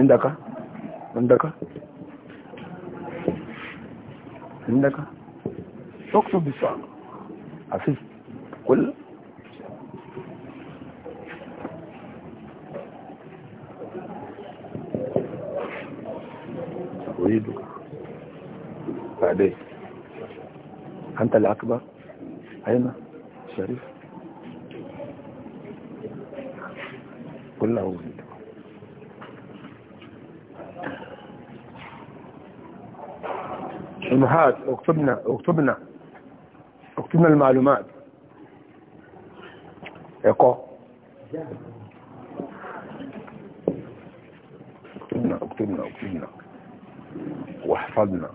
indaka indaka indaka soktu bisa asis kul uridu bade anta al-akbar ayna sharif kullahu الأمهات اكتبنا اكتبنا اكتبنا المعلومات اقا اكتبنا اكتبنا اكتبنا واحفظنا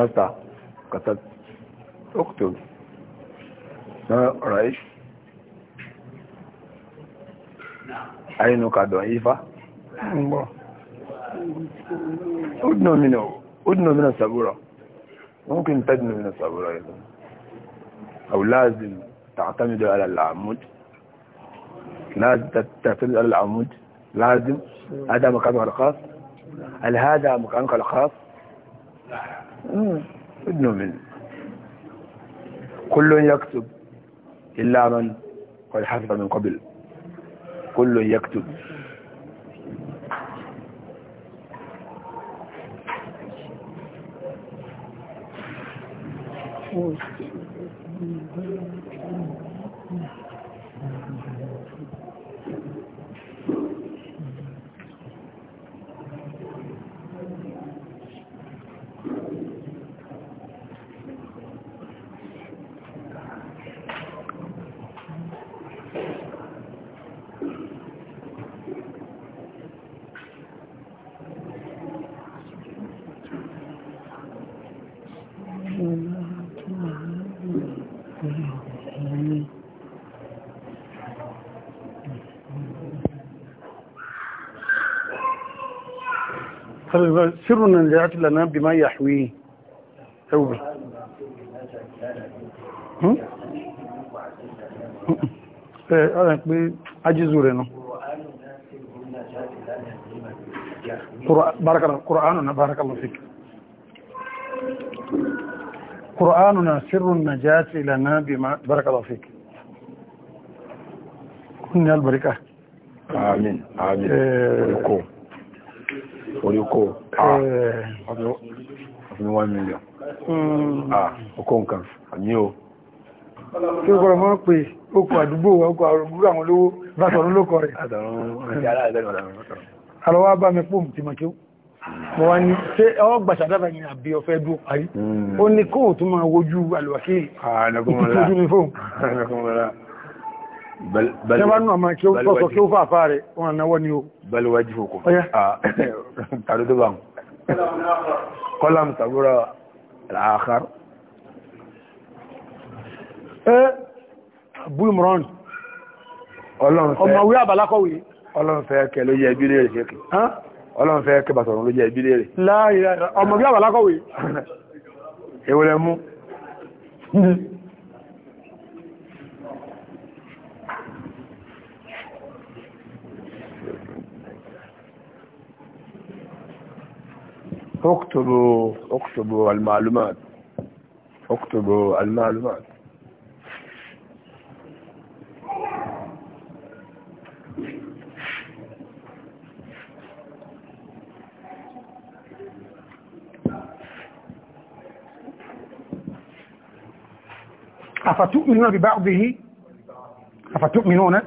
مرتا قتل اقتل ما رأيش عينك ضعيفة الله أدنى منه أدنى من السبورة ممكن تدنى من السبورة أيضا أو لازم تعتمد على العمود لازم تعتمد على العمود لازم هذا مكانك الخاص هل هذا مكانك الخاص ابنه من كل يكتب إلا من قد حفظ من قبل كل يكتب Thank you. سر نزاعات لنا بما يحويه توبة عجزوا لنا بارك الله قرآننا بارك الله فيك قرآننا سر النجاة لنا بما بارك الله فيك يا البركة آمين آمين آه، oríkò ah, eh. ọdún one million ọkọ̀ hmm. ah, nǹkan àmì o tí ó kọ́rọ̀ mọ́ pé okò àdúgbò ọkọ̀ àrùgbúrú àwọn olówó bátọ̀rún ló kọ rẹ̀ alọ́wọ́ bá mi pòm tí mọ̀kí mọ̀ wá ní ṣe ọ gbàṣàdára ní àbí ọ̀fẹ́ dúó parí hmm. ó ní kóòtù máa wojú alùwàkí ìtìtójú ní fóòm tẹ́bánú àmà kí ó sọ kí ó fàfà rẹ̀ wọn o ni ó bẹ̀lúwẹ́jì òkú tàbí tó bá ń kọ́lá mú tàbúrà àkàrù ẹ́ búimọ̀rán ọmọwé àbálákọ̀wé ọlọ́nfẹ́ kẹ ló jẹ́ ìbílẹ̀ rẹ̀ ṣe ọlọ́nfẹ́ kẹ bàtọ̀rọ̀ ló jẹ́ ìbílẹ̀ rẹ̀ láàrín ọmọwé àbálákọ̀wé ewúrẹ́ mú اكتبوا اكتبوا المعلومات اكتبوا المعلومات أفتؤمنون ببعضه أفتؤمنون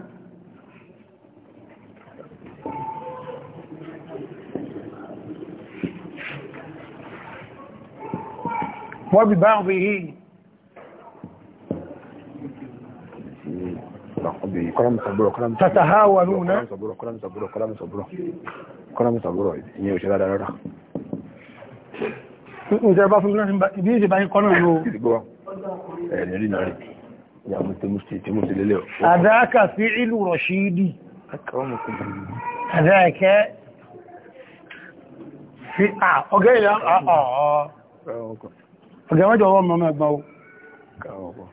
وببعضه تتهاونون ìjọba fún ìbí ìjọba yìí kọ́nà ló ẹ̀rìn rí náà rí ìyàwó tí mú sí lélẹ̀ àdáka sí ìlú rọ̀ṣídì àdáka sí ọgẹ́ ìyàwó ọ̀gẹ̀wájọ̀ ọwọ́ mọ́mọ́ ẹgbọ́n ó kàwọ̀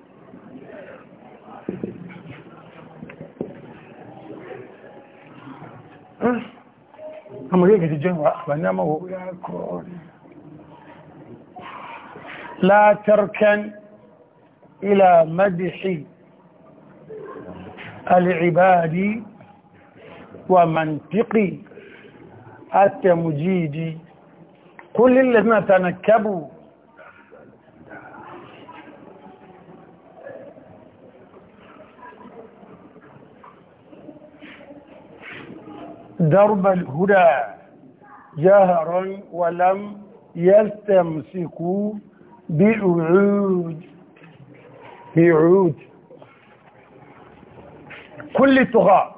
ọmọdé gidi jẹ́ wà ní àmọ́wọ̀ la tarkan ila madhi al'ibadi wa mantiki at-tamjidi kullu alladhina tanakkabu درب الهدى جهرا ولم يستمسكوا بعود بعود كل طغاة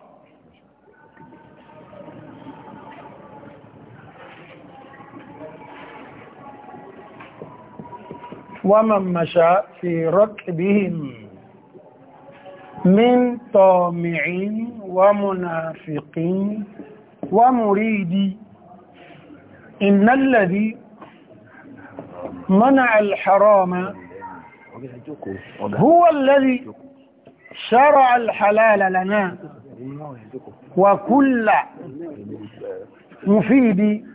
ومن مشى في ركبهم من طامع ومنافقين ومريدي إن الذي منع الحرام هو الذي شرع الحلال لنا وكل مفيد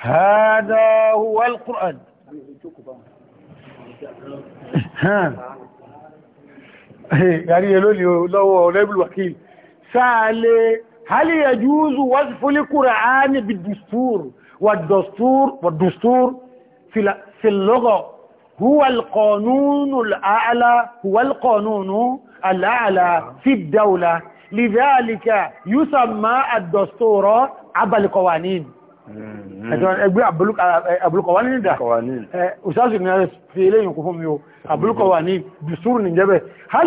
هذا هو القرآن ها يعني يقول لي لو نائب الوكيل سأل هل يجوز وصف القرآن بالدستور والدستور والدستور في في اللغة هو القانون الأعلى هو القانون الأعلى في الدولة لذلك يسمى الدستور أبا القوانين ẹgbẹ́ abúlùkọ̀wání ní dá ọ̀sáàsì ní ẹ̀rẹ́ fi ilé ìyànkú fún mi o abúlùkọ̀wání dùstúrù ní jẹ́bẹ̀ hal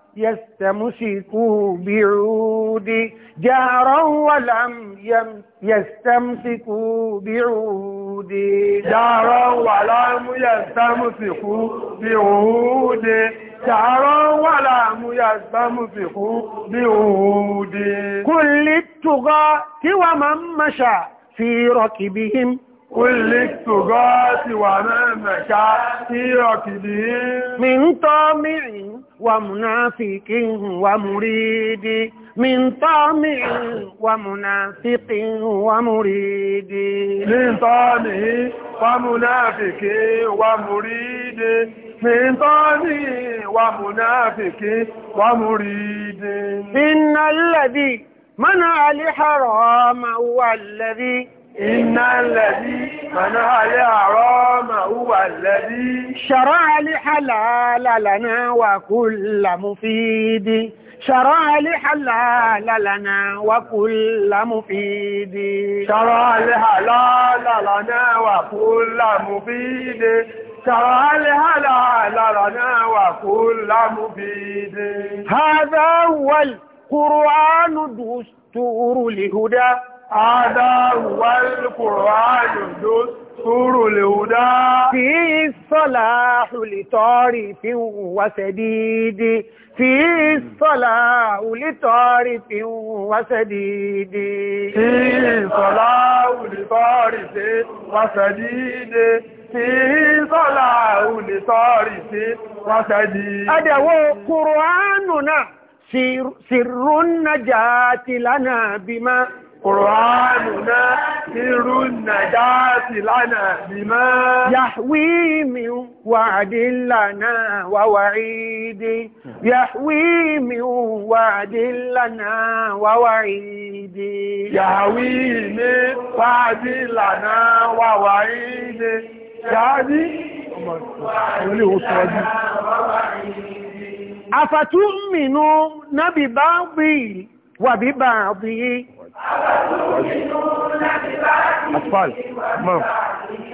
يستمسك بعود جهرا ولم يستمسك بعود جهرا ولم يستمسك بعود جهرا ولم يستمسك بعود كل التغاة ومن مشى في ركبهم كل التجات وامامك في ركبه من طامع ومنافق ومريد من طامع ومنافق ومريد من طامع ومنافق ومريد من طامع ومنافق ومريد إن الذي منع الحرام هو الذي إن الذي منع الإعرام هو الذي شرع لحلال لنا وكل مفيد شرع لحلال لنا وكل مفيد شرع لحلال لنا وكل مفيد شرع لحلال لنا وكل مفيد هذا هو القرآن دستور لهدى هذا هو القرآن دستور الهدى فيه الصلاح لطارف وسديد فيه الصلاح لطارف وسديد فيه الصلاح لطارف وسديد فيه صلاح لطارف وسديد أدعو قرآننا سر النجاة لنا بما قرآننا سر النجاة لنا بما يحوي من وعد لنا ووعيد يحوي من وعد لنا ووعيد يحوي من وعد لنا ووعيد يحوي من وعد لنا ووعيد أفتؤمنوا نببعض وببعض أطفال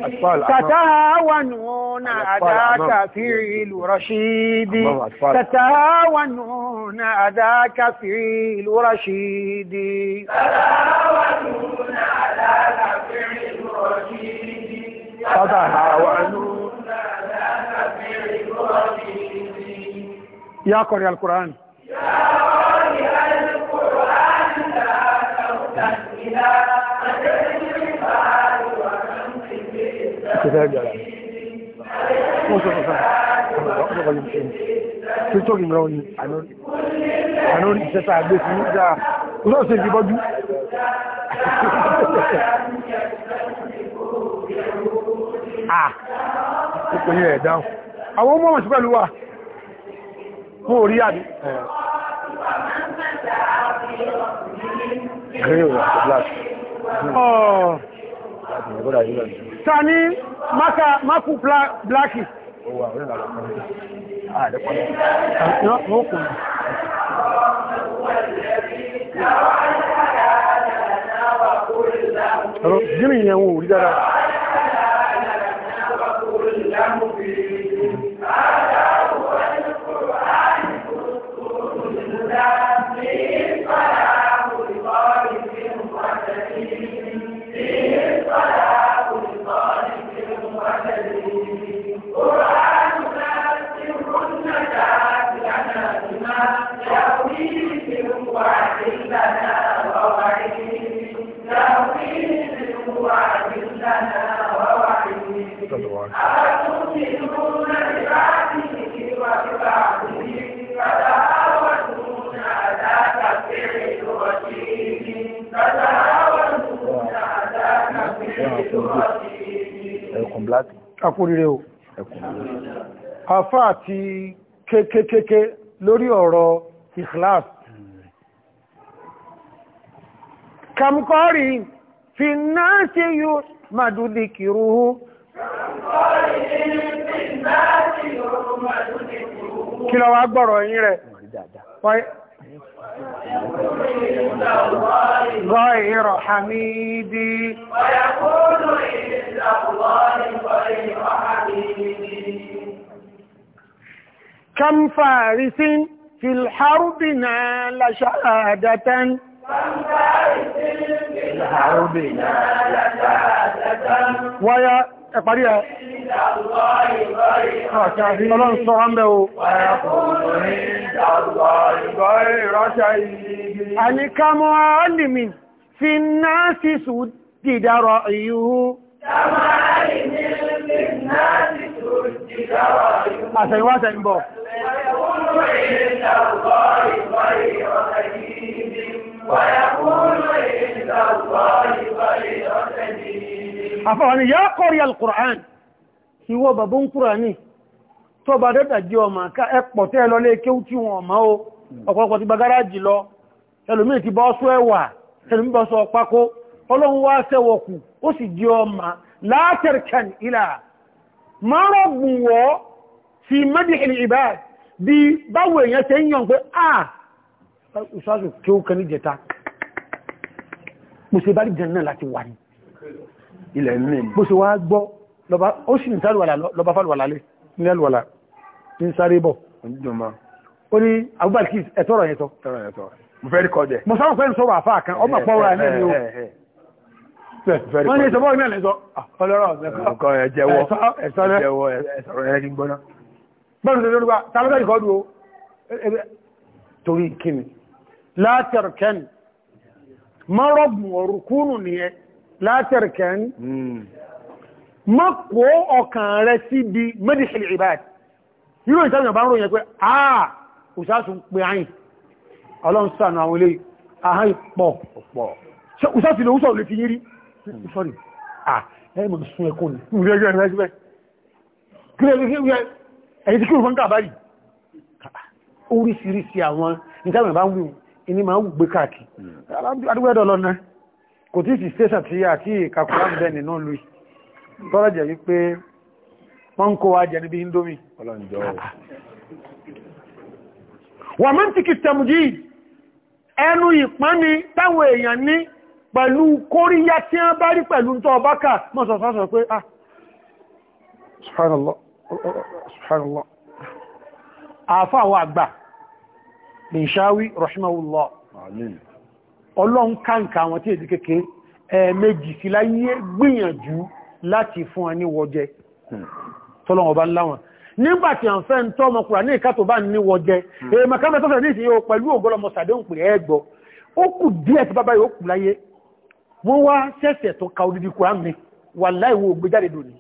أطفال تتهاونون أداك فعل رشيد تتهاونون أداك فعل رشيد تتهاونون أداك فعل رشيد تتهاونون أداك فعل رشيد يا قرية القرآن يا قارئ Güzel Àwọn ọmọ ọmọ sí pẹ̀lú wa. Mo rí àdé. Ẹ̀ẹ́ sani oh. green àti black. ta ní maka maku blaki. ó wà orí ìlànà kan ní àdẹ́pọ̀ náà. wọ́n kò ní. Jimmy yẹn wò rí dára. ẹkùnrire o àfá àti kékékéké lórí ọ̀rọ̀ ikhlas kàmkọ́rì fi náà ṣe yóò màdúdì kìrúhú kí lọ wá gbọ́rọ̀ yín rẹ̀ غير حميد ويقول إن الله غير حميدي كم فارس في الحرب نال شهادة كم فارس في الحرب نال شهادة ويا عند الله غير شيء ويقول عند الله غير شيء أن كمعلم في الناس سدد رأيه كمعلم في الناس سدد رأيه أسيوات إنبو ويكون عند الله غير شيء ويقول عند الله غير شيء أفهم يا قارئ القرآن ìwọ babun Kùránì tó bá dẹ́dà jí ọmọ ká ẹpọ̀ tẹ́ lọ lé kéwú tí wọn ọmọ o ọ̀pọ̀lọpọ̀ ti gba gáràjì lọ ẹlòmíì ti bá ọ́sọ́ ẹwà ẹlòmíì bá sọ pákó ọlọ́run wá sẹ́wọ̀kù ó sì jí ọmọ látẹ̀rkàn ilà márọ̀gùn wọ́ sí mẹ́dìkìlì ìbá bí báwo èèyàn ní jẹta ṣe wá gbọ́ lọba ó sì ní sáré wàlà lọba fàlù wàlà lé ní ẹlù wàlà ní sáré bọ̀. ó ní abubakar ẹ̀tọ́ ọ̀rọ̀ yẹn sọ. mo fẹ́ rí kọ́ jẹ. mo sábà fẹ́ sọ̀rọ̀ àfa kan ọmọ pọ̀ wúra ẹ̀ ní o. wọ́n ní ìsọ̀bọ̀ ìmọ̀ ẹ̀ sọ. ọlọ́rọ̀ ẹ̀kọ́ ẹ̀ jẹ́wọ́ ẹ̀ sọ̀rọ̀ ẹ̀ kí n gbọ́ná. bọ́ọ̀lù tó lórúkọ tàbí bẹ́ẹ̀ kọ́ du o. torí kíni látẹ̀rẹ̀kẹ́ni mọ́rọ̀gùn ọ̀rùkúnù nìyẹn látẹ̀rẹ̀kẹ́ni mọ́ kó ọkàn rẹ síbi medicine ibad yíò ìtàbí ọba ń ròyìn pé àà ah, òṣàṣù ń pè áyìn ọlọ́run sànà àwọn ilé àhán pọ̀ pọ̀ òṣàṣù lè wúṣọ̀ lè fi yírí sorry ah ẹ̀yìn mọ̀ sún ẹkùn ní ìrẹ́ ẹgbẹ́ ẹgbẹ́ ẹgbẹ́ ẹ̀yìn tí kí o fọ́n káàbárì oríṣiríṣi àwọn ìtàbí ọba ń wù hmm. ní máa ń tọ́rọ jẹ́ wípé wọ́n kó wa jẹ níbi indomi ọlọ́njọ́ wà mọ́ tí kì tẹ̀mùjí ẹnu ìpánni táwọn èèyàn ní pẹ̀lú kóríyá tí wọ́n bá rí pẹ̀lú tọ́ ọbákà mọ́sọ̀sọ́sọ̀ pé ah subhanallah subhanallah àfà àwọn àgbà Binshawi rahimahullah ọlọ́n kàǹkà àwọn tí èdè kékeré ẹ̀ẹ̀mejì sí láti fún wa ní wọjẹ hmm. tọ́lọ́wọ́ bá láwọn nígbàtí à ń fẹ́ ń tọ́ ọmọkùnrin ní ìkàtò bá ní wọjẹ hmm. èèmà kámẹ́ tó fẹ́ ní ìsìnyí pẹ̀lú ògbọ́lọmọ sàdéhùn mi wà láìwo ògbé jáde dòní. Hmm.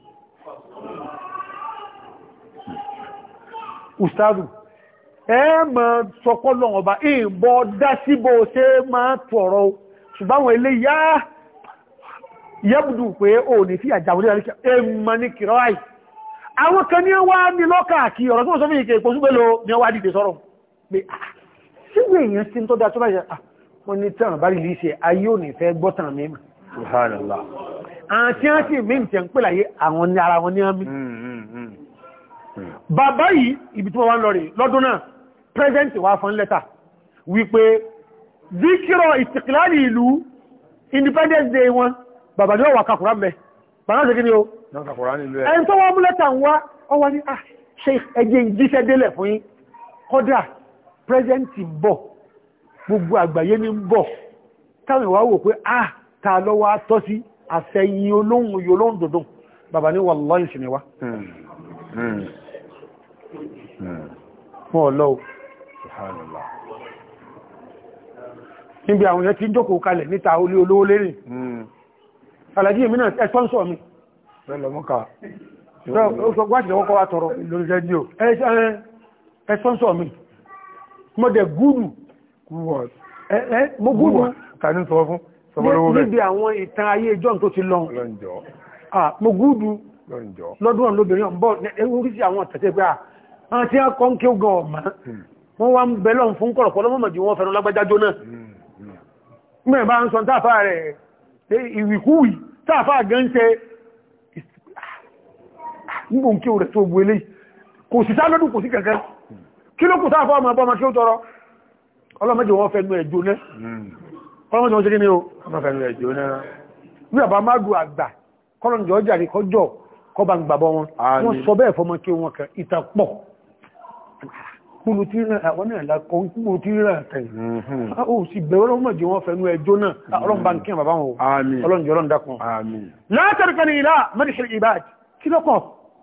ustadu ẹ máa sọkọ́ lọ́wọ́ bá ìbọn dá síbò ṣe máa tọ̀rọ̀ ṣùgbọ́n àwọn eléyàá ah! yẹ́bùdù pé ò ní fi àjàwò ní àríkà èèmà ní kìrọ́ì àwọn kan ní wá ní lọ́kàkì ọ̀rọ̀ tó sọ́fún ìkẹ́ ìpò súnbẹ́lò ní wá dìde sọ́rọ̀ pé sígbè ah, ah, èèyàn sí tó dá tó bá wọn ní tàn bá rí líṣẹ́ ayé ò ní fẹ́ gbọ́tàn hmm, hmm, hmm. president wá fún lẹ́tà wípé zikiro ìtìkìlálì independence day one bàbá ní ọwà kakùrá mẹ́ bàbá ṣe kí ni o ẹni tó wọ́n mú lẹ́tà ń wá ọwà ní ah sheikh ẹjẹ́ ìjíṣẹ́ délẹ̀ fún yín kọ́dà pẹ́sẹ́ntì ń bọ̀ gbogbo àgbáyé ní ń bọ̀ táwọn ìwà wò pé ah ta lọ wá tọ́ sí àfẹ́yìn olóhùn yóò lóhùn dòdò bàbá ní wallahi ìṣìnì wa hmm, hmm, hmm. fún ọlọ́wọ́ níbi àwọn yẹn ti jókòó kalẹ̀ níta olé lérìn alájí èmi náà ẹ̀spọ́nsọ̀ mi lọ́lọ́mọ́ka wáṣìí lọ́wọ́kọ́ wá tọrọ lórí rẹ́díò ẹ̀spọ́nsọ̀ mi mo dẹ̀ gúrù mo gúrù tàbí sọ fún sọmọlówó bẹ́ẹ̀ níbi àwọn ìtàn ayé john tó ti lọ mo gúrù lọ́dún lóbìnrin ọ̀bọ̀ oríṣi àwọn tẹ̀tẹ̀ pé àwọn tí wọ́n kọ́ ń kí ó gan ọ̀mà hmm. wọ́n wá ń bẹ́lọ̀ fún kọ̀rọ̀kọ́ lọ́mọ̀mọ̀ jù wọ́n fẹ́ràn lágbájá jóná mẹ́rin hmm, hmm. bá ń sọ táàfà rẹ̀ ìwìkúwì tààfà gan ṣe nígbò kí o rẹ̀ tó gbélé kò sí sálọ́dún kò sí kẹ̀kẹ́ kí ló kù tààfà ọmọ ọmọ kí ó tọrọ ọlọ́mọdé wọ́n fẹ́ nú ẹjọ́ náà ọlọ́mọdé wọ́n ṣe kí ní o wọ́n fẹ́ nú ẹjọ́ náà ní àbá má dù àgbà kọ́lọ̀njọ́ ọjà rí kọjọ́ kọba ń gbàbọ́ wọn kúlù tí ràn àwọn náà lákọ̀ kúlù tí ràn tẹ̀ mhm. ó sì bẹ̀rẹ̀ ọlọ́mọ̀ jẹ́ wọn fẹ̀nu ẹjọ́ náà mhm. ọlọ́run bá ń kí bàbá wọn ọlọ́run jẹ́ ọlọ́run dákun látàríkà ní ilá mẹ́rìnṣẹ́ ìbáàd kí lọ́kọ̀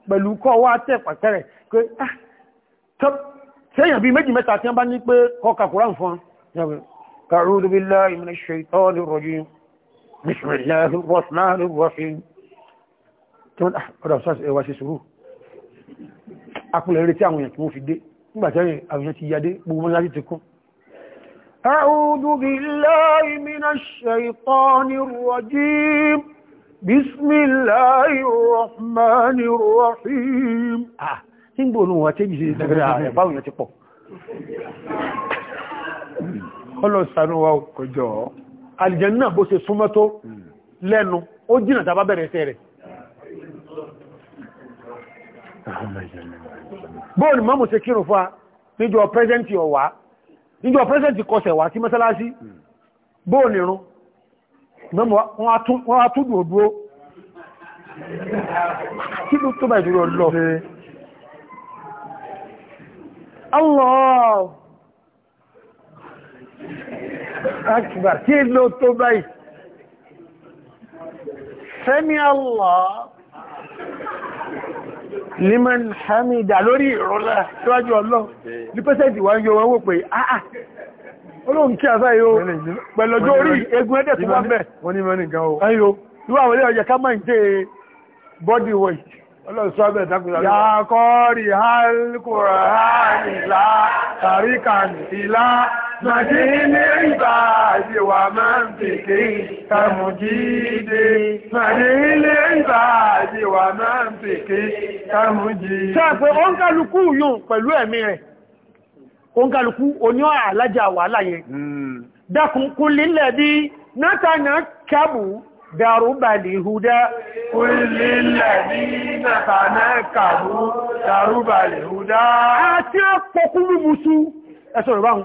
pẹ̀lú kọ́ wá tẹ̀ pàtẹ́rẹ̀ pé ah, sẹ́yìn bíi méjì mẹ́ta tí wọ́n bá ní pé kọ́ka kúrán fún أعوذ بالله من الشيطان الرجيم بسم الله الرحمن الرحيم tí wọ́n ah, dá ọ̀dọ̀ ọ̀sán ẹwà ṣe sùúrù akúlẹ̀ retí àwọn èèyàn tí wọ́n fi dé nígbàtí àwùjọ ti yadé gbogbo láti ti kún. أعوذ بالله من الشيطان الرجيم بسم الله الرحمن الرحيم ah nígbò ní lẹ́nu ó jìnà tàbá bẹ̀rẹ̀ ẹsẹ̀ rẹ̀ bóòlù mọ́mù ṣe kírun fún wa níjọ pẹ́sẹ́ntì ọ̀wá níjọ pẹ́sẹ́ntì kọsẹ̀ wá sí mọ́sálásí bóòlù irun wọ́n á túdù òdúró kí ló tó bá ìdúró lọ Allah akbar kí ló tó báyìí sami Allah liman hamida lórí ìrọ́lá síwájú ọlọ́ ní pẹ́sẹ̀ntì wá ń yọ wọn wò pé àà ah, olóhùn ah, kí àfẹ́ yóò pẹ̀lọ́jọ́ orí egun ẹ̀dẹ̀ tó wá bẹ̀ wọ́n ní mẹ́rin gan o ayo ìwọ àwọn ilé ọjà ká máa ń tẹ body weight ọlọ́run sọ abẹ́ ìdákùnrin àlọ́ yàkọ́rì hálùkùrọ̀ hánìlá tàríkàntìlá مدين العباد ومن فكري كمجيدي مدين العباد ومن فكري كمجيدي ṣáàfẹ́ oúnkàlùkú yóò pẹ̀lú ẹ̀mí rẹ̀ oúnkàlùkú oníọ́ àlájà wàhálà yẹn hmm. dákùn kú lílẹ̀ bí nátànà kẹbù dàrúbà lè húdá kú lílẹ̀ bí nátànà kẹbù dàrúbà lè húdá àti ọ̀pọ̀ kúrú musu ẹ̀sọ̀rọ̀ báhùn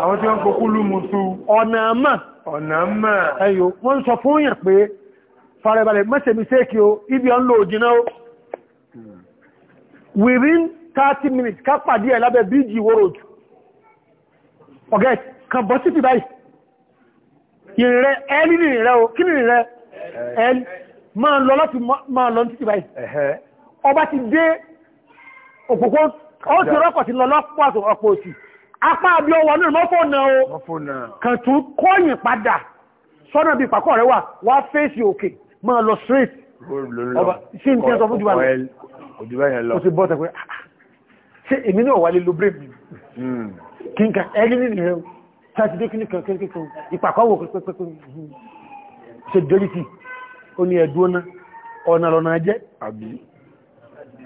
àwọn tí wọ́n kó kúlù mùsù ọ̀nà àmà ọ̀nà àmà ẹ̀yọ wọ́n sọ fún yàn pé farabalẹ̀ mẹ́sẹ̀mí sẹ́ẹ̀kì o ibi ọ̀n lò jìnà o hmm. within 30 minutes ká pàdé ẹ̀ lábẹ́ bíjì wọ́rọ̀d ọ̀gẹ́ kan bọ́ síti báyìí ìrìnrẹ́ ẹni nìrìnrẹ́ o kí nìrìnrẹ́ ẹni máa lọ láti máa lọ títì báyìí ọba ti dé òpópó ó ti rọ́kọ̀ ti lọ lọ́pọ̀ àpò òsì apá àbí ọwọ́ náà mọ́fọ́nà o kàn tún kọ́yìn padà sọ́nà bí pàkọ́ rẹ̀ wà wá fèsì òkè máa lọ straight ọba sí ní tẹ́sọ fún jùbà lọ sí bọ́ta pé ṣe èmi náà wálé ló brave kí n kà ẹni nínú rẹ̀ sátidé kí ní kan kí kan ìpàkọ́ wò pẹ́pẹ́pẹ́ ṣe dẹ́lítì ó ní ẹ̀dùn ọ̀nà ọ̀nà lọ́nà jẹ́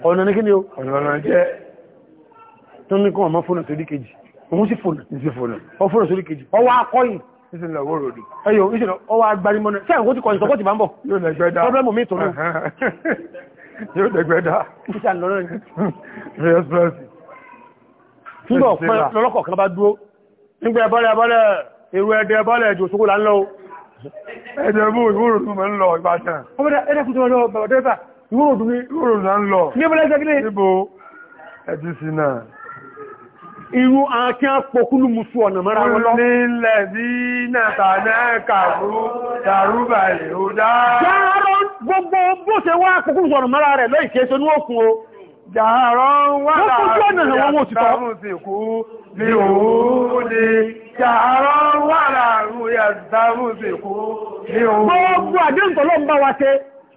ọ̀nà ní kí ni ó ọ̀nà lọ́nà jẹ́ tó ní kọ́ ọmọ fóònù tó dí kejì òun sì fòlù sí fòlù ọfúrò sórí kejì ọwọ́ akọ́yìn ìsìnlẹ̀ owó rò rí ẹyọ ìṣẹ̀lẹ̀ ọwọ́ agbárí mọ́nà tí àwọn tí kọ̀yìn sọ́kọ́ ti bá ń bọ̀ yóò dẹ̀gbẹ́ dá pọ́blẹ́mù mi tòun yóò dẹ̀gbẹ́ dá ìṣà lọ́rọ̀ yìí nígbà ọ̀pẹ́ lọ́lọ́kọ̀ kan bá dúró nígbà ẹbọ́lẹ̀ ẹbọ́lẹ̀ èrò ẹ̀dẹ ẹbọ́lẹ̀ ẹ̀jọ̀ sókò là ń lọ ẹ̀dẹ̀ mú ìwúrò tó mọ̀ ń lọ Ìbàdàn ọmọdé ẹ̀dẹ̀ kùtù wọn lọ bàbá dẹ́ta ìwúrò tó mọ̀ ń lọ níbo lẹ́sẹ̀ kílẹ̀ níbo ẹ̀dí sí náà irú àkí àpòkúlù musu ọ̀nà mara wọn lọ. nílẹ̀ bí nàtàná kàrú dàrúbà ìhúdá. járọ́ gbogbo bó ṣe wá àpòkúlù ọ̀nà mara rẹ̀ lọ́ ìṣẹ́ sọ́nú òkun o. járọ́ wà láàrùn yàtàmùsìkú ní òun.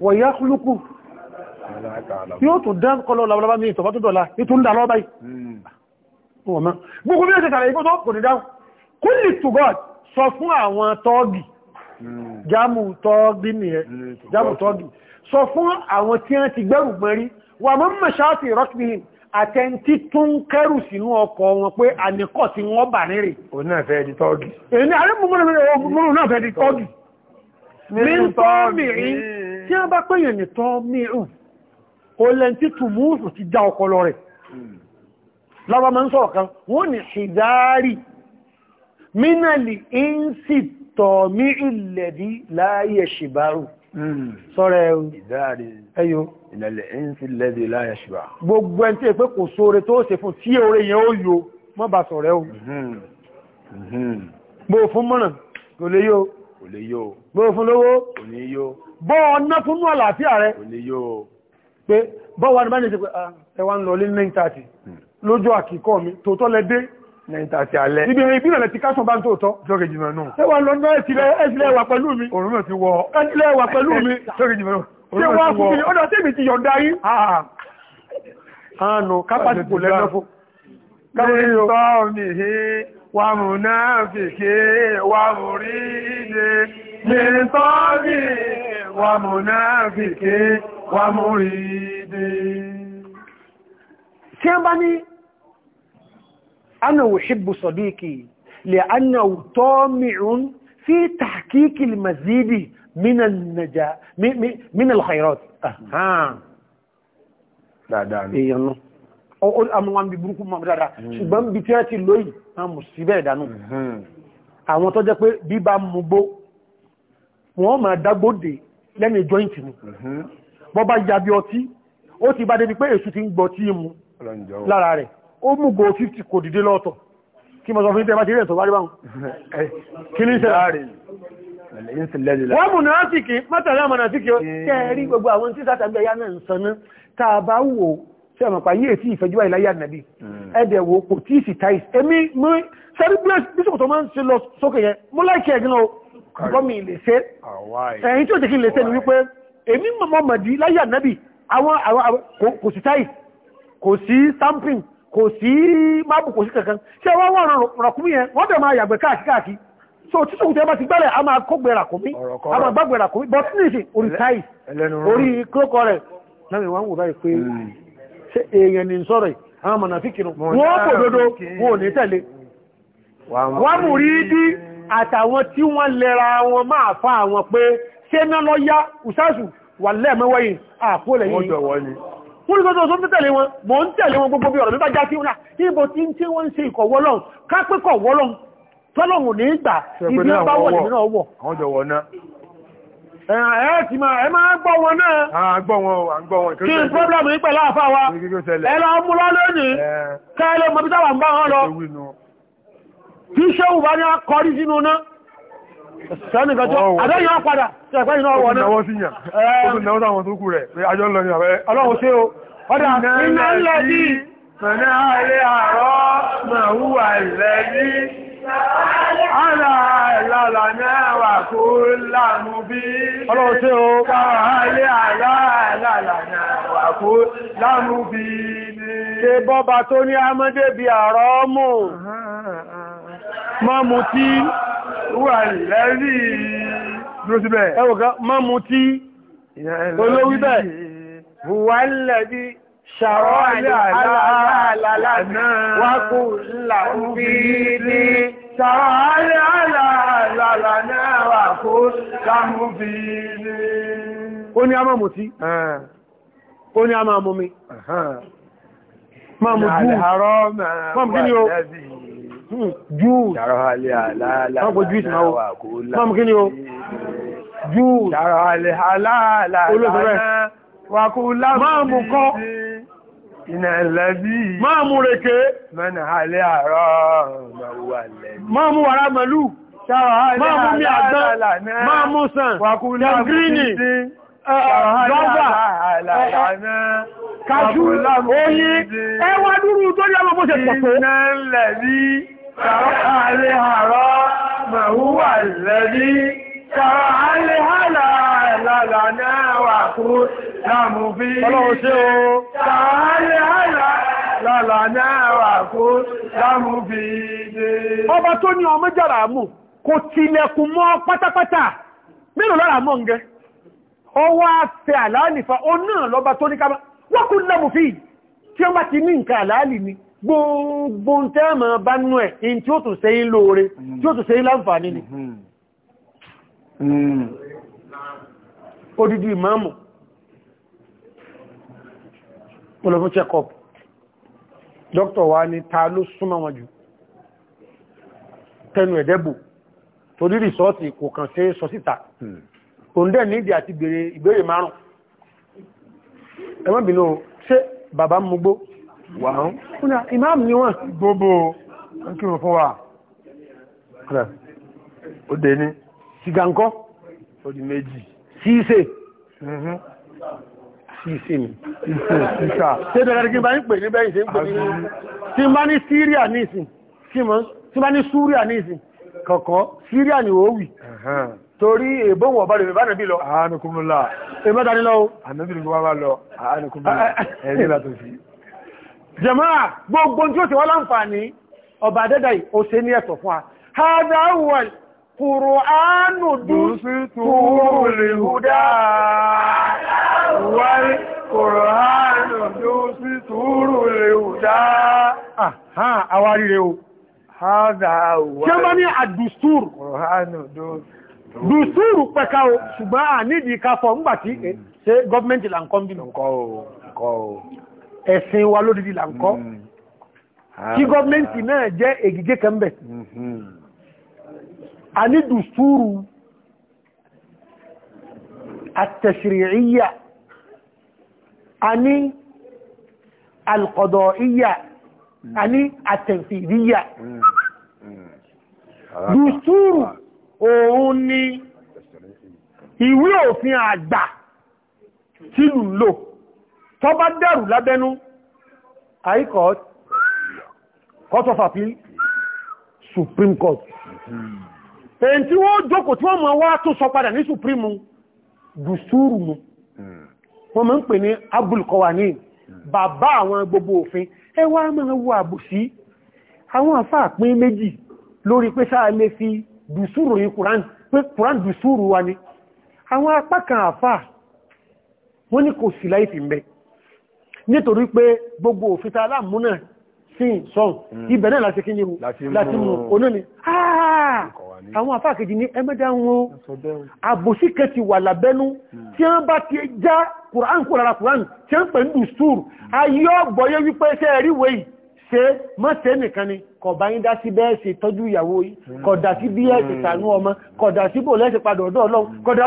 wọ̀yá lúkù yóò tún dán kọlọ labalaba mi ìtọ̀fà tó dọ̀la ìtún dà lọ́bàá gbogbo bí ó ṣe tààrà ìgbótọ́ kò ní dáhùn kúlì to god sọ fún àwọn tọ́ọ̀gì jámù tọ́ọ̀gì nìyẹn jámù tọ́ọ̀gì sọ fún àwọn tí wọ́n ti gbẹ́rù gbọ́n rí wà mọ́ mọ̀ṣáàtì rọ́kìnrin àtẹ́ntí tó ń kẹ́rù sínú ọkọ̀ wọn pé àníkọ̀ tí wọ́n bà nírè òun náà fẹ́ di tọ́ọ̀gì tí wọ́n bá pèyàn ní tọ́ mìíràn kò lẹ́n tí tùmúùsù ti já ọkọlọ rẹ̀ lára ma ń sọ̀rọ̀ kan wọ́n ni ṣìdárì mínàlì ínsì tọ̀mí ìlẹ̀dí láyé ṣìbárù sọ́rọ̀ ẹyọ ìlẹ̀lẹ̀ ínsì lẹ́dí láyé ṣìbárù gbogbo ẹn tí è pé kò sóre tó ṣe yóò gbogbo fún lówó kò yóò bọ́ ọ̀nà fún àlàáfíà rẹ̀ pé bọ́wà ní báyìí ah, ẹwà ń lọ lé 9:30 hmm. lójú àkíkọ́ mi tòótọ́ lẹ dé 9:30 alẹ́ ibi ìbílẹ̀ ti kásùn bá ń tòótọ́ jọ́gẹ̀ jìmọ̀ náà ẹwà lọ náà ẹ̀sìlẹ̀ ẹwà pẹ̀lú mi òrùn náà ti wọ ẹ̀sìlẹ̀ ẹwà pẹ̀lú mi jọ́gẹ̀ jìmọ̀ náà ṣe wá fún mi ọ̀dọ̀ ṣètọ́rí wà mùnáfìkì wà múrídé tí a bá ní ana uhibbu sadiqi li'annahu tami'un fi tahqiqi al-mazidi min an-naja min al-khairat dáadáa ni èèyàn hmm. náà hmm. àwọn bí burúkú tó jẹ́ pé bí mú gbó wọ́n máa dágbóde lẹ́nu ìjọ́ìntì ni mhm. bọ́ bá yabi ọtí ó ti bá débi pé èṣù ti ń gbọ́ tí mu lára rẹ̀ ó mú go 50 kò dìde lọ́ọ̀tọ̀ kí mọ̀ sọ fún ìtẹ́bá ti rí ẹ̀tọ́ bá rí báhùn eh, kí ní ṣe wọ́n mú náàtìkì mọ́tàlá mọ̀nàtìkì kẹ́ẹ̀rí gbogbo àwọn tí sátàgbẹ̀ yá náà ń sanná tàbá wò tí a mọ̀pá yíè tí ìfẹ́júwà ìláyà nàbí mm. ẹ̀dẹ̀ wo kò tí ì sì táìsì èmi mú sẹ́rí bí sọ́kòtò máa ń ṣe lọ sókè yẹn mú láìkẹ́ ẹ̀gbìn náà gọ́mì lè ṣe ẹ̀yìn tí ó tẹ́kí lè ṣe ni wípé èmi mọ̀mọ́ mọ̀dí láyé ànábì àwọn kò sí táì kò sí stamping kò sí máàbù kò sí kankan ṣé wọ́n wọ́n rọ̀kúnmí yẹn wọ́n bẹ̀ máa yàgbẹ́ káàkiri so tí tòkùtẹ́ bá ti gbẹ́lẹ̀ a máa kó gbẹ̀rà kùnmí a máa gbá gbẹ̀rà kùnmí but ní ìsìn orí táì orí kókọ rẹ̀ náà wọ́n wò báyìí pé hmm. ṣé èèyàn ní sọ̀rọ̀ yìí àwọn mọ̀nàfíkì nù wọ́n kò dodo wọn ò ní tẹ̀lé wọ́n mú rí dí àtàwọn tí wọ́n lẹ́ra wọn máa fà àwọn pé ṣe náà lọ yá ìsáàsù wà lẹ́ẹ̀mẹ́wọ́yìn àpò lẹ́yìn wọ́n jọ wọ́n ni wọ́n tó tó tó tẹ̀lé wọn mọ̀ ń tẹ̀lé wọn gbogbo bí ọ̀rọ̀ nípa já sí wọn níbo tí ń tí wọ́n ń ṣe ìkọ̀ wọ́lọ́n kápẹ́kọ̀ wọ́lọ́n tọ́lọ̀hùn ní ìgbà ibi ọba wọ̀ nìmí náà wọ̀ àwọn jọ wọ̀ náà ẹ̀ ti máa ẹ máa gbọ́ wọn náà àgbọ́ wọn àgbọ́ wọn kí ní pọ́blẹ́mù ní pẹ̀lú àfáwa ẹ lọ mú lọ lónìí ká ẹ lọ mọ̀ bí táwà ń bá wọn lọ tí ṣéhù bá ní a kọrí sínú náà sẹ́nì gọjọ́ àdẹ́yìn wọ́n padà tẹ́ẹ̀kọ́ iná ọwọ́ náà ó sì yàn ó sì náwó sáwọn tó kú rẹ̀ pé ajọ́ lọ ní àwẹ́ ọlọ́run ṣe o ọdá iná ńlẹ̀ bí mẹ́rin àárẹ́ àárọ́ mẹ́húwà ilẹ̀ bí ààrẹ ìlàlà mẹ́wàá ní ṣe bọ́ba tó ní amọ́dé bí máa mú tí wà lẹ́rí dúró síbẹ̀ ẹwọ̀ kan máa mú tí olówí bẹ̀ wà lẹ́rí ṣàrọ́ àlàálàlá wà kú làúbí ní ṣàrọ́ àlàálàlá náà wà kú làúbí ní ó ní a máa mú tí mi máa mú tí máa mú tí ni ó júù ṣàrọ̀hálẹ̀ àlàálà wọ́n kò júù ìsìnà o mọ́mù kí ni o júù ṣàrọ̀hálẹ̀ àlàálà wà kò lábí mi àgbọ́n mọ́mù sàn gíríní lọ́gbà kájú oyin ẹwà dúró tó yá lọ́pọ̀ ṣe pọ̀ tó فرع لهراء هو ọba tó ní ọmọ jàrà kò tilẹ̀kùn mọ́ pátápátá mẹ́rọ lára mọ́ ń gẹ́ ọwọ́ àfẹ́ àlàálìfà ó náà lọ́ba tó ní ká fíì tí ó bá gbogbo tẹ́ẹ̀mọ̀ bá nú ẹ̀ in tí ó tún ṣe yí lóore tí ó tún ṣe yí láǹfààní ni mm-hmm. mm. odidi ìmáàmù olófún check-up dr wa ni ta ló súnmọ́ wọn jù tẹnu ẹ̀dẹ́bù torí rìsọ́ọ̀tì kò kàn ṣe sọ síta mm. òǹdẹ̀ nídìí àti ìbéèrè márùn-ún ẹmọ́bìnú ṣe bàbá mú gbó wà án fún ní imam ni wọ́n gbogbo ń kí wọ́n fún wa kọ́lá ó dé ní sigankọ́ ó di méjì síse síse mhm. ni sísa ṣe bẹ̀rẹ̀ kí n bá ń pè ní bẹ́yìn ṣe ń pè ní tí n bá ní Syria ní ìsìn tí n bá ní Syria ní ìsìn kọ̀kọ́ Syria ni ó wì torí èbóhùn ọ̀bá rẹ̀ bá nàbí lọ àánukúnmúlá ẹmẹ́ta nílọ́wọ́ àánukúnmúlá ẹ̀yìn látọ̀ sí jẹmáà gbogbo tí ó ti wá láǹfààní ọba dẹ́dà ó ṣe ní ẹ̀tọ̀ fún a hádá wọ̀l kùrò ánù dúsí túrì húdá wọ́n kùrò ánù dúsí túrì húdá àwárí rẹ̀ o hádá wọ̀l tí ó bá ní àdùsúr dùsúrù pẹ̀ka o ṣùgbọ́n à nídìí ká fọ́ ńgbàtí hmm. ṣe gọ́ọ̀mẹ́ntì là ń kọ́ ẹ̀sìn wa lódìdí là ń kọ́ hmm. ah. kí gọ́ọ̀mẹ́ntì náà jẹ́ ègìgé kan hmm. a ní dùsúrù àtẹ̀ṣìrìyà a ní alkọ̀dọ̀íyà a ní àtẹ̀fìdíyà hmm. dùsúrù òun ni ìwé òfin àgbà tìlù lò tó bá dẹ̀rù lábẹ́nú high court court of appeal supreme court èyí tí wọ́n jókòó tí wọ́n mọ̀ wá tó sọ padà ní supreme dùsúrù mu wọ́n mọ̀ ń pè ní abúlkọwàní bàbá àwọn gbogbo òfin ẹ wá máa wo àbùsí àwọn àfáà pín méjì lórí pé sáà lè fi dùsúrù yí kùrán pé kùrán dùsúrù wa ni àwọn apá kan àfáà wọ́n ní kò sí láìfì mẹ́ nítorí pé gbogbo òfíta aláàmúnà sí sọ́n hmm. ibẹ̀ náà láti kíni láti mú onáni àwọn afáàkejì ní ẹmẹ́dá wọn àbòsíkẹ́ ti wà lábẹ́nú hmm. tí wọ́n bá ti já kùrán kùrán kùrán tí wọ́n pẹ̀ ń dù stúr ayé ọgbọ̀yẹ́ wípé ṣe rí wèyí ṣe mọ́ ṣe nìkan ni kọ̀bá yín dá sí bẹ́ẹ̀ ṣe tọ́jú ìyàwó yìí hmm. kódà sí bí ẹ̀ ṣe tànú ọmọ kódà sí bò lẹ́ṣẹ̀ padà ọ̀dọ́ ọlọ́run kódà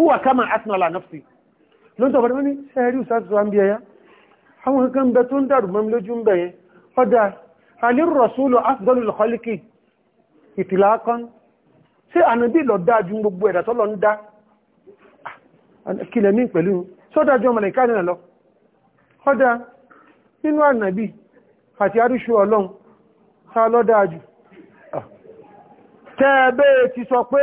huwa kama asna ala nafsi ló ń tọ̀bọ̀dọ̀ ní ẹ̀rí ìsáàtù wa ń bí ẹyá àwọn kan bẹ tó ń dàrú mọ́m lójú ń bẹ̀yẹn ọdá alérò rasúlù afdalul khaliki ìtìlákan ṣé ànàbí lọ dáa ju gbogbo ẹ̀dà tọ́lọ ń dá ah, kílẹ̀ ní pẹ̀lú sọ́dájú ọmọ nàìjíríà náà lọ ọdá nínú ànàbí àti arúṣu ọlọ́run sá ah, ti sọ pé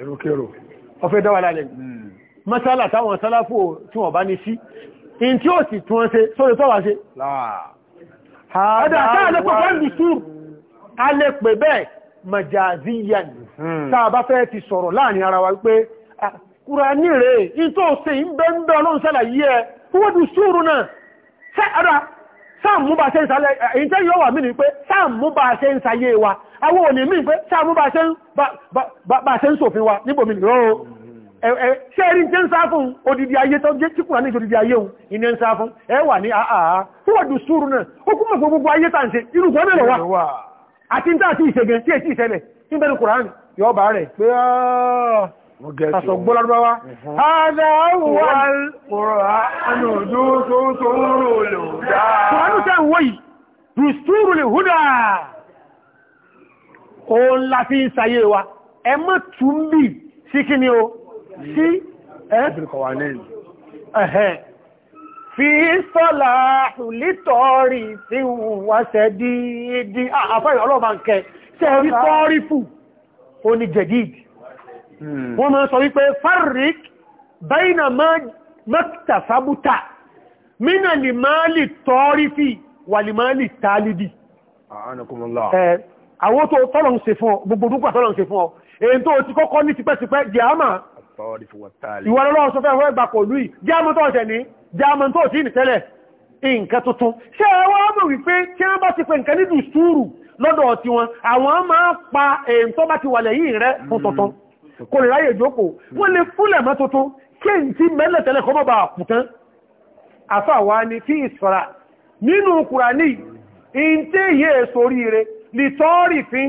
èròkèrò ọfẹ́ dáwà lálẹ́ masala táwọn sálàfò tí wọ́n bá ní sí in tí ó sì tún ṣe sórí tọ́wà ṣe ọdá táà a lè pè bẹ́ẹ̀ majaziyan hmm. táà bá fẹ́ ti sọ̀rọ̀ láàrin ara wa wípé kùránì rẹ̀ in tó ṣe ń bẹ́ ń bẹ́ ọlọ́run sálà yí ẹ fúwọ́ du sùúrù náà sáà mú bá ṣe ń sayé wa àwọn òní mí pé sáàmú bá ṣe ń sòfin wa níbòmí lọ́rọ̀ ṣe rí jẹ́ ń sá fún odidi ayé tó jẹ́ tí kùnà ní odidi ayé òun ìní ń sá fún ẹ wà ní àà tó wà dùsúrù náà ó kú mọ̀ gbogbo ayé tà ń ṣe irú kan mẹ́lọ wa àti ní tààtì ìṣègùn tí èsì ìṣẹ̀lẹ̀ tí ń bẹnu kùránì yọ bá rẹ̀ pé Àṣọ gbọ́lọ́dọ́wá. Hádá wà Kùránù dúdú tó rò lò dáa òun la fi ń sayé wa ẹ mọ́ tún bí sí kí ni o sí ẹ́ fi sọ́lá lítọ́rí tí wọ́n di dídí àfáì ọlọ́ọ̀bá ń kẹ ṣe rí tọ́rí fù ó ní jẹ̀dídì hmm. wọ́n máa sọ wípé farik báyìí mọ́kítàsábútà mínà lè máa lè tọ́rí fì wà lè máa lè tálídì àwọn tó tọ́lọ̀ ń ṣe fún ọ gbogbo dúpà tọ́lọ̀ ń ṣe fún ọ èyí tó ti kọ́kọ́ ní tipẹ́tipẹ́ jẹ́àmà ìwọ̀lọ́lọ́wọ́ sọ fẹ́ fẹ́ gbà pọ̀ lùí jẹ́àmà tó ṣẹ̀ ní jẹ́àmà tó sí ní tẹ́lẹ̀ nǹkan tuntun ṣé ẹ wá mọ̀ wípé tí wọ́n bá ti pè nǹkan ní dùsúrù lọ́dọ̀ tí wọn àwọn máa pa èyí tó bá ti wà lẹ́yìn rẹ̀ kò lè ráyè jókòó nínú Kùránì ìǹtẹ́ sórí rẹ̀ lìtọ́ọ̀rì fi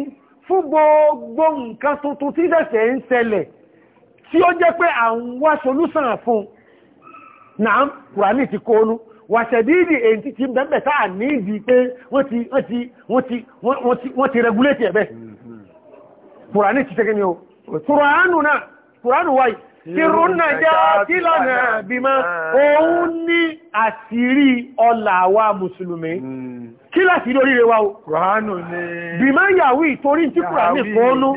fún gbogbo nǹkan tuntun tí ìdẹ̀sẹ̀ ń ṣẹlẹ̀ tí ó jẹ́ pé à ń wá solúsàn fún náà kùránì ti kóónú wàṣẹ̀dìdì èyí ti bẹ̀bẹ̀ táà ní pé wọ́n ti regulate ẹ̀bẹ̀ mm-hmm. kùránì ti tẹ́gẹ́ ni ó kùránù Kìrúnà já kí lọ́nà bí máa, òun ní àṣírí ọlà wa Mùsùlùmí. Hmm. Kí láti lórí rẹ̀ wa o? Kùránù ni. Bí máa yàwó ìtorí tí Kùránù fọ́nú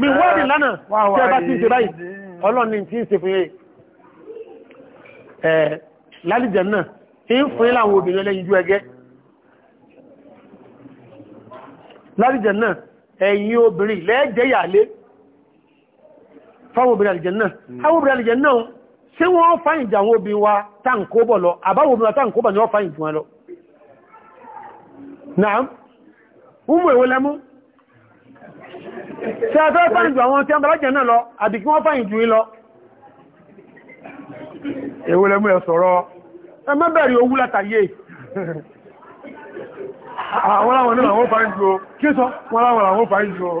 ní wádìí lánàá tí ẹbá tí ń ṣe báyìí. Ọlọ́ni tí ń ṣe fún yẹ. Ẹ̀ lálìjẹ̀ náà, ń fún yẹ láwọn obìnrin ẹlẹ́yin jú ẹgẹ́. Lálìjẹ̀ náà, ẹ̀yin obìnrin lẹ́ẹ̀jẹ́ yà lé fáwọn obìnrin àlìjẹ̀nà àwọn hmm. obìnrin àlìjẹ̀nà ṣé wọ́n fáyìn jà àwọn obìnrin o táǹkóbọ̀ lọ àbáwọn obìnrin táǹkóbọ̀ ni wọ́n fáyìn jù wọn lọ náà umu èwo lẹ́mú ṣe àtọ́ fáyìn jù àwọn tí wọ́n bẹ̀rẹ̀ jẹ̀nà lọ àbí kí wọ́n fáyìn jù yí lọ èwo lẹ́mú ẹ sọ̀rọ̀ ẹ má bẹ̀rẹ̀ owú látàyè àwọn àwọn náà wọ́n fáyìn jù ó kí sọ wọ́n láwọn àwọn fáyìn jù ó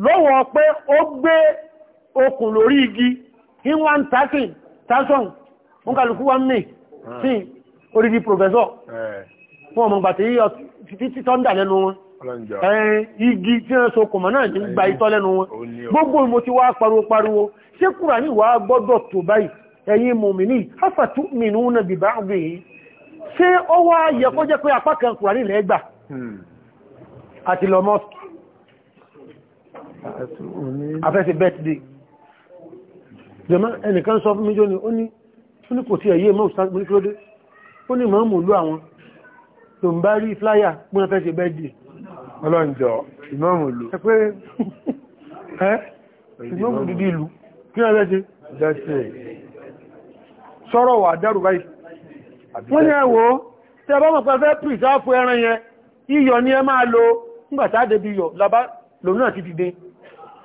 lọ́wọ́ pé ó gbé okùn lórí igi in one thirty thousand ń kàlùkú wá mí sí orídi professor fún eh. ọmọ ìgbà tí tọ́ndà lẹ́nu wọn ẹ̀rin eh, igi tí wọ́n so kùnmọ̀ náà ní gba ìtọ́ eh. lẹ́nu wọn gbogbo mo ti wá pariwo pariwo ṣé Kùránì wà gbọ́dọ̀ tó báyìí ẹ̀yin mùmìnì afàtú mìnú na bìbá gbìyìn ṣé ó wá yẹ kó jẹ́ pé apá kan Kùránì lẹ́gbà hmm. àti lọ mọ́sùk afẹ́sẹ̀ bẹ́tìdé jẹmọ́ ẹnìkan sọ fún mi jọ ni ó ní ó ní kò sí ẹ̀yẹ mọ́ ìsáàgbé kílódé ó ní mọ́ mú lú àwọn tó ń bá rí fláyà pín afẹ́sẹ̀ bẹ́tìdé ọlọ́njọ́ ìmọ́mù lú ẹgbẹ́ ẹ́ ìmọ́mù dídí ìlú kí wọ́n fẹ́sẹ̀ sọ̀rọ̀ wà dárù báyìí wọ́n ní ẹ̀wọ́ tí a bá mọ̀ pẹ́fẹ́ pìsáàfù ẹran yẹn iyọ̀ ni ẹ máa lo nígbàtà débi yọ̀ lọ́bá lòun náà ti dìde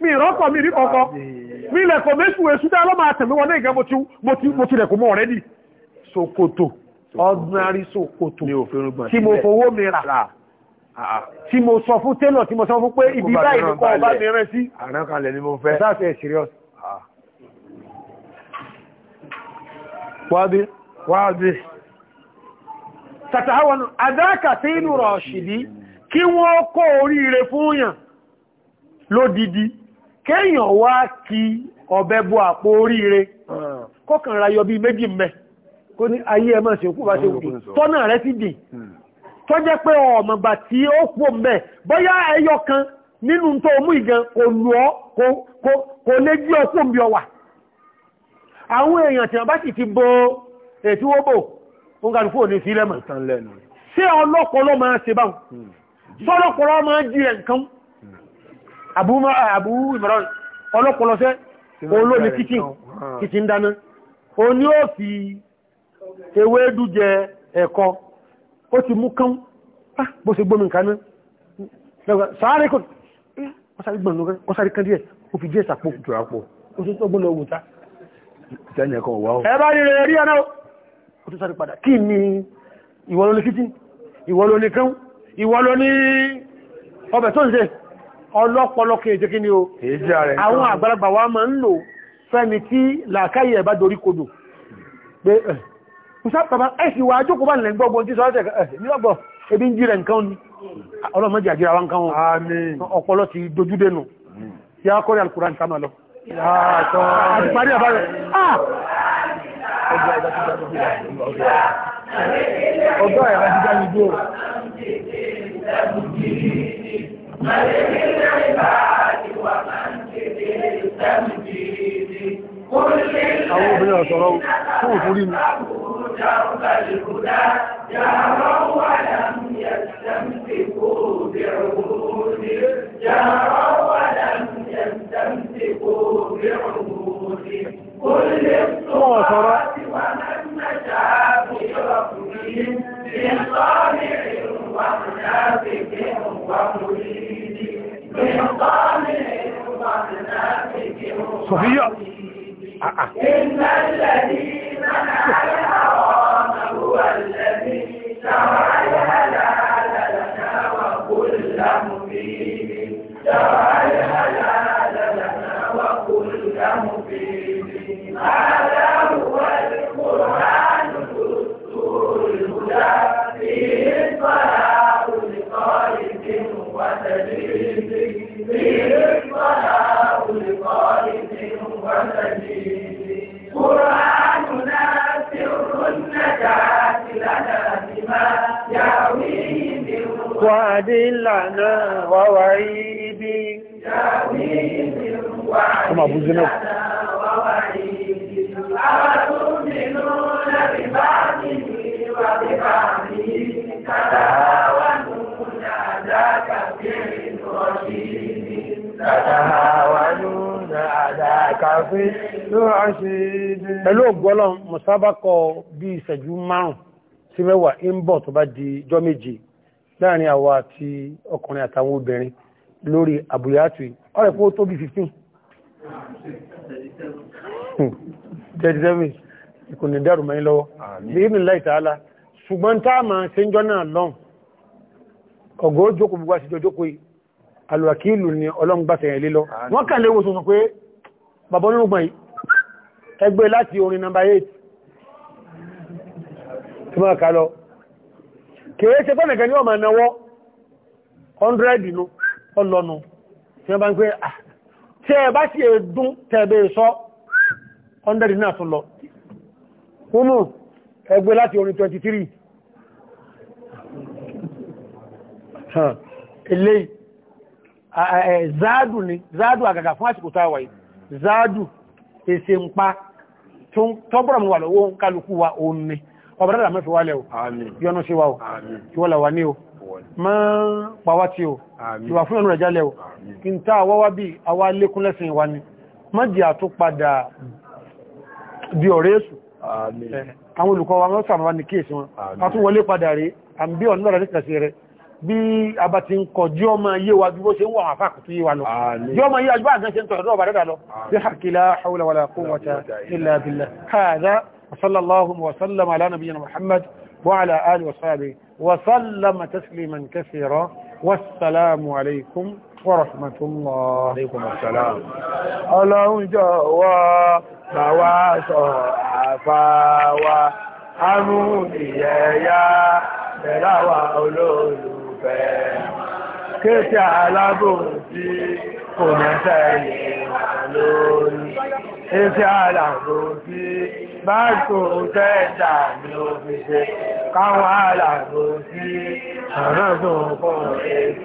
mi ìrọ́kọ̀ mi rí kọ̀ọ̀kọ́ mi ilẹ̀kọ̀ méṣù èṣù dá lọ́mà àtẹ̀mí wọn náà gẹ́mọ́ tí rẹ̀kọ̀ mọ́ ọ̀rẹ́dì ṣòkòtò ordinary ṣòkòtò tí mo fowó mi rà ah. tí mo sọ fún télọ̀ tí mo sọ fún pé ibi báyìí ní kọ́ ọba rẹ̀ ni mo fẹ́ sáfẹ́ serious ah. wáàbí wáàbí tàtàwọn adáka tí inú rọ̀ ṣìdí kí wọ́n kó oríire fún yàn lódidi kéèyàn wá kí ọ̀bẹ bo àpò oríire ah. kọ́kàn ra yọ bí méjì mẹ́ kó ní ayé ẹmọ́ sí òkú bá ṣe òkú tọ́nà rẹ̀ sì dì hmm. tó jẹ́ pé ọmọgbà tí ó pò mẹ́ bóyá ẹyọ kan nínú tó mú ìgan kò lù ọ́ kò lè jí ọkú mi ọwà àwọn èèyàn tí wọ́n bá sì ti bo ètí wó bò ó ń ga lùfò ní sílẹ̀ mọ̀ ṣé ọlọ́pọ̀lọ́ máa ṣe báwọn sọ́lọ́pọ̀lọ́ hmm. máa jí ẹ̀ nǹkan àbúmọ́ àbú ìmọ̀ràn ọlọ́pọlọsẹ́ olómi kíkín kíkín dáná o ní ó fi ewé dújẹ ẹ̀kọ́ ó ti mú kán ah, bó ṣe gbómi nǹkan eh, náà sáré kò ọsáré gbọ̀nà ọsáré kan díẹ̀ ó fi díẹ̀ sàpò jùrapọ̀ ó tún tó gbóná ogun ta ẹbá rí rẹ̀ rí ọ̀nà ó kán ìwọ ọbẹ̀ tó ń ṣe ọlọ́pọlọ kéèjé kí ni o àwọn àgbàlagbà wa máa ń lò fẹ́ni tí làákàyè ẹ̀bá dorí kodò pé ìsápàbá eh, ẹ̀sì wà ajókòó bá nílẹ̀ gbọ́gbọ́n tí sọ́ọ́sẹ̀ nílọ́gbọ̀ ebi ń jí rẹ̀ nǹkan ni ọlọ́mọdé àjíra wa nǹkan wọn ọpọlọ ti dojúdénu tí a kọ́rẹ́ alukura nǹkan lọ Ọjọ́ ìrìn àjíjá ní bí ó. ملك العباد ومنزل التمجيد قل للذين كفروا درب الهدى جهروا ولم يستمسكوا بعهود جهروا ولم يستمسكوا بعهود قل للصلاة ومن نشاء بربهم للطالع والنافع ومريد صفية إن الذي منع الحرام هو الذي شرع الهلال لنا وكل مبين شرع الهلال لنا وكل مبين ìlànà wàwà ibi ọmọ àbújẹ́ náà Pẹ̀lú ògbọ́lọ́ Mùsábákọ̀ bí ìṣẹ́jú márùn-ún sí mẹ́wàá ń bọ̀ tó bá di jọ́ méje láàrin àwa àti ọkùnrin àtàwọn obìnrin lórí àbúyàtù ọ̀rẹ́ fún ó tó bí 15 37 ìkùnlẹ̀ dẹ̀rù mẹ́rin lọ́wọ́ bí i nílá ìtàálá ṣùgbọ́n tá a máa ṣe ń jọ lọ́n ọ̀gọ́ gbogbo àṣìjọ jókòó alùwàkílù ni ọlọ́mgbàtẹ̀ ẹ̀lẹ́ lọ wọ́n kà léwo sọ pé bàbá onírùgbọ̀n yìí ẹgbẹ́ number 8 tí máa kèé ṣe pẹ́nà kẹni ọmọ ẹ̀nàwọ́ 100 inú ọlọ́nu tí wọ́n bá ń pẹ́ ah, tí ẹ bá sí ẹ̀dún tẹ̀bẹ̀ sọ 100 iná tún lọ kúmù ẹgbẹ́ láti orin 23 ilé záàdù ni záàdù àgàgà fún àsìkò táwà yìí záàdù èsè ń pa tó bọ́rọ̀ mú wà lọ́wọ́ kálukú wa òun ni ọ̀bọ̀dá làmọ́ fi wálẹ̀ o yọnu sí wa o kí wọ́n làwà ní o mọ́ pàwá tí o ìwà fún ọ̀nà ìjálẹ̀ o kí n tá àwọ́wá bí àwá lékún lẹ́sìn wa ni mọ́ jì àtúpadà di ọ̀rẹ́ èsù eh, àwọn olùkọ́ wa wọ́n sàmọ́ ní kíyèsí wọn a tún wọlé padà rí àbí ọ̀nà rẹ̀ nítẹ̀sí rẹ̀ bí a bá ti ń kọ jí ọmọ yé wa bí bó ṣe ń wà àfà kùtù yé wa lọ jí ọmọ yé àjúbà àgbẹ́ ṣe ń tọ̀rọ̀ ọ̀bà rẹ̀ dà lọ sí hàkìlá hawla wala quwwata illa وصلى الله وسلم على نبينا محمد وعلى آله وصحبه وسلم تسليما كثيرا والسلام عليكم ورحمة الله عليكم السلام ọlọ́run jọ̀wọ́ عفاوا أموني يا amúnìyẹ̀yà pẹ̀láwà olóòlùfẹ́ على alábòsí kò mẹ́sẹ̀ yìí lórí على alábòsí bá tó tẹ́ta ló fi ṣe káwọn alàgbò sí ọ̀rọ̀ tó pọ̀